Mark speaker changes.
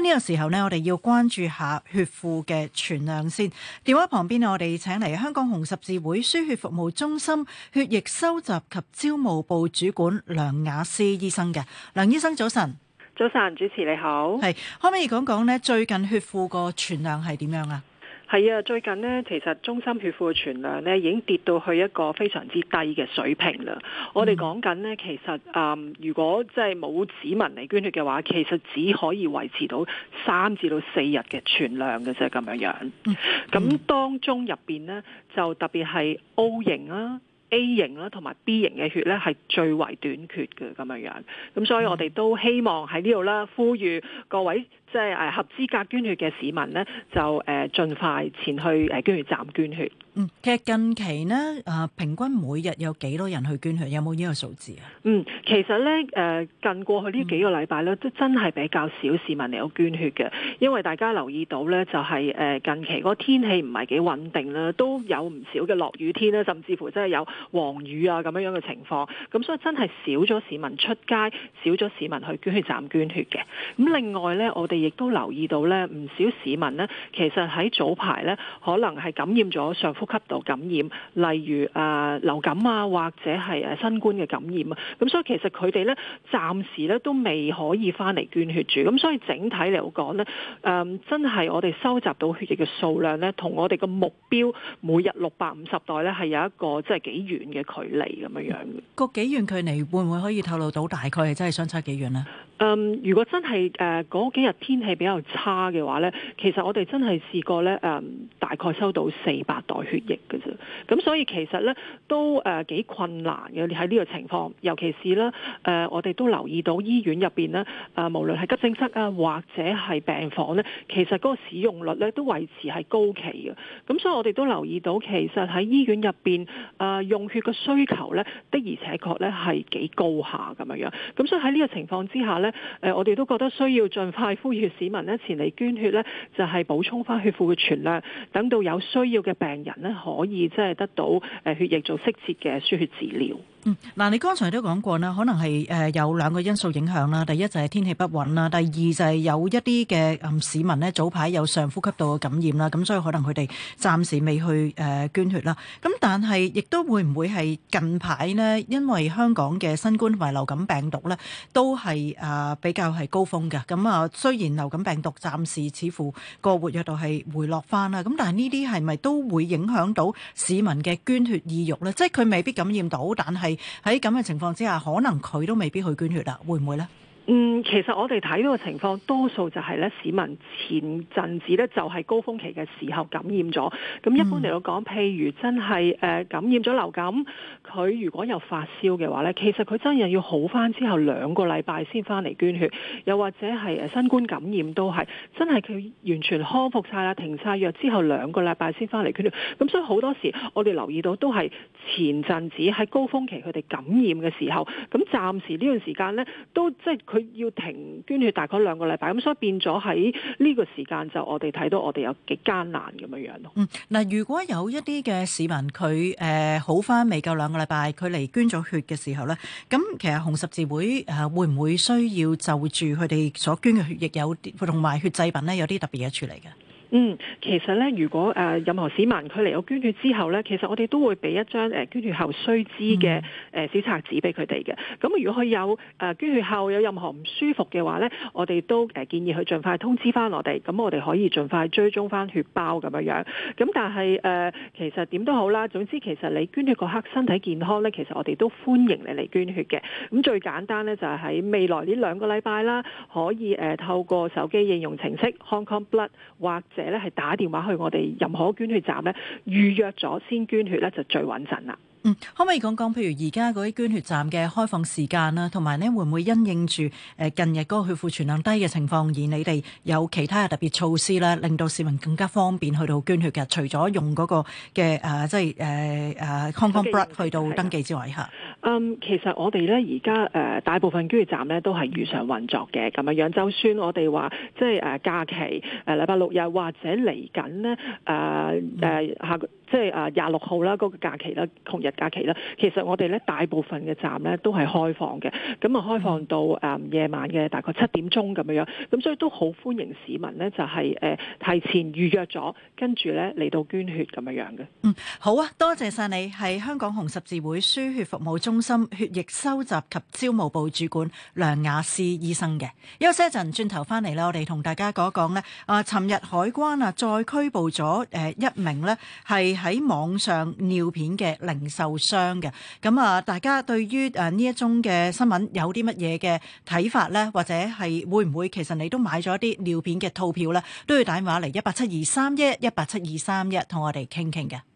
Speaker 1: 呢、這個時候呢，我哋要關注下血庫嘅存量先。電話旁邊，我哋請嚟香港紅十字會輸血服務中心血液收集及招募部主管梁雅詩醫生嘅。梁醫生，早晨，早晨，主持你好，係可唔可以講講呢最近血庫個存量係點樣啊？係啊，最近呢，其實中
Speaker 2: 心血庫嘅存量呢已經跌到去一個非常之低嘅水平啦，嗯。我哋講緊呢，其實，嗯、如果即係冇市民嚟捐血嘅話，其實只可以維持到三至到四日嘅存量嘅啫，咁樣樣。咁，嗯、當中入邊呢，就特別係 O 型啦，啊。A 型啦，同埋 B 型嘅血咧，係最為短缺嘅咁樣樣。咁所以我哋都希望喺呢度啦，呼籲各位即係誒合資格捐血嘅市民呢，就誒盡快前去誒捐血站捐
Speaker 1: 血。嗯，其實近期呢，誒平均每日有幾多人去捐血？有冇呢個數字啊？嗯，
Speaker 2: 其實咧誒近過去呢幾個禮拜咧，都真係比較少市民嚟到捐血嘅，因為大家留意到咧，就係誒近期個天氣唔係幾穩定啦，都有唔少嘅落雨天啦，甚至乎真係有。黃雨啊，咁樣樣嘅情況，咁所以真係少咗市民出街，少咗市民去捐血站捐血嘅。咁另外呢，我哋亦都留意到呢，唔少市民呢，其實喺早排呢，可能係感染咗上呼吸道感染，例如、呃、流感啊，或者係新冠嘅感染啊。咁所以其實佢哋呢，暫時呢都未可以翻嚟捐血住。咁所以整體嚟講呢，嗯、真係我哋收集到血液嘅數量呢，同我哋嘅目標每日六百五十袋呢，係有一個即係幾。遠嘅距離咁樣樣，
Speaker 1: 個幾遠距離會唔會可以透露到大概係真係相差幾遠呢？嗯，如果真係誒嗰幾日天
Speaker 2: 氣比較差嘅話呢，其實我哋真係試過呢，誒、呃，大概收到四百袋血液嘅啫，咁所以其實呢，都誒幾、呃、困難嘅。你喺呢個情況，尤其是呢，誒、呃、我哋都留意到醫院入邊呢，誒、呃，無論係急症室啊或者係病房呢，其實嗰個使用率呢，都維持係高期嘅，咁所以我哋都留意到，其實喺醫院入邊誒用血嘅需求呢，的而且確呢，係幾高下咁樣樣，咁所以喺呢個情況之下呢，我哋都覺得需要盡快呼籲市民呢，前嚟捐血呢，就係、是、補充翻血庫嘅存量，等到有需要嘅病人呢，可以即係得到血液做適切嘅輸血治療。
Speaker 1: 嗱、嗯，你剛才都講過啦，可能係誒有兩個因素影響啦，第一就係天氣不穩啦，第二就係有一啲嘅市民呢，早排有上呼吸道嘅感染啦，咁所以可能佢哋暫時未去誒捐血啦。咁但係亦都會唔會係近排呢？因為香港嘅新冠同埋流感病毒呢，都係誒比較係高峰嘅。咁啊，雖然流感病毒暫時似乎個活躍度係回落翻啦，咁但係呢啲係咪都會影響到市民嘅捐血意欲呢？即係佢未必感染到，但係喺咁嘅情況之下，可能佢都未必去捐血啦，會唔會呢？
Speaker 2: 嗯，其實我哋睇到嘅情況，多數就係咧市民前陣子咧就係高峰期嘅時候感染咗。咁一般嚟到講，譬如真係誒感染咗流感，佢如果又發燒嘅話咧，其實佢真係要好翻之後兩個禮拜先返嚟捐血。又或者係誒新冠感染都係真係佢完全康復晒啦，停晒藥之後兩個禮拜先返嚟捐血。咁所以好多時我哋留意到都係前陣子喺高峰期佢哋感染嘅時候，咁暫時呢段時間咧都即係。佢要停捐血大概兩個禮拜，咁所以變咗喺呢個時間就我哋睇到我哋有幾艱難咁樣樣咯。
Speaker 1: 嗯，嗱，如果有一啲嘅市民佢好翻未夠兩個禮拜，佢嚟捐咗血嘅時候咧，咁其實紅十字會、呃、會唔會需要就住佢哋所捐嘅血液有啲同埋血製品咧有啲特別嘅處理嘅？
Speaker 2: 嗯，其實咧，如果、呃、任何市民佢嚟到捐血之後咧，其實我哋都會俾一張、呃、捐血後須知嘅小冊子俾佢哋嘅。咁如果佢有、呃、捐血後有任何唔舒服嘅話咧，我哋都、呃、建議佢盡快通知翻我哋，咁我哋可以盡快追蹤翻血包咁樣樣。咁但係、呃、其實點都好啦，總之其實你捐血嗰刻身體健康咧，其實我哋都歡迎你嚟捐血嘅。咁最簡單咧就係、是、喺未來呢兩個禮拜啦，可以、呃、透過手機應用程式 Hong Kong Blood 或者咧係打電話去我哋任何捐血站咧，預約咗先捐血咧就最穩陣啦。嗯，
Speaker 1: 可唔可以講講譬如而家嗰啲捐血站嘅開放時間啦，同埋咧會唔會因應住誒近日嗰個血庫存量低嘅情況，而你哋有其他嘅特別措施啦，令到市民更加方便去到捐血嘅？除咗用嗰個嘅誒，即係誒誒，Hong Kong Blood 去到登記之外嚇。嗯，其實我哋
Speaker 2: 咧而家誒大部分捐血站咧都係如常運作嘅，咁啊樣，就算我哋話即係誒假期誒禮拜六日或者嚟緊咧誒誒下個。即係誒廿六號啦，嗰個假期啦，窮日假期啦，其實我哋咧大部分嘅站咧都係開放嘅，咁啊開放到誒夜晚嘅大概七點鐘咁樣樣，咁所以都好歡迎市民呢，就係誒提前預約咗，跟住咧嚟到捐血咁樣樣嘅。嗯，
Speaker 1: 好啊，多謝晒你係香港紅十字會輸血服務中心血液收集及招募部主管梁雅詩醫生嘅。休息一陣，轉頭翻嚟啦，我哋同大家講一講呢，啊，尋日海關啊，再拘捕咗誒一名呢係。喺網上尿片嘅零售商嘅，咁啊，大家對於誒呢一宗嘅新聞有啲乜嘢嘅睇法呢？或者係會唔會其實你都買咗一啲尿片嘅套票呢？都要打電話嚟一八七二三一一八七二三一同我哋傾傾嘅。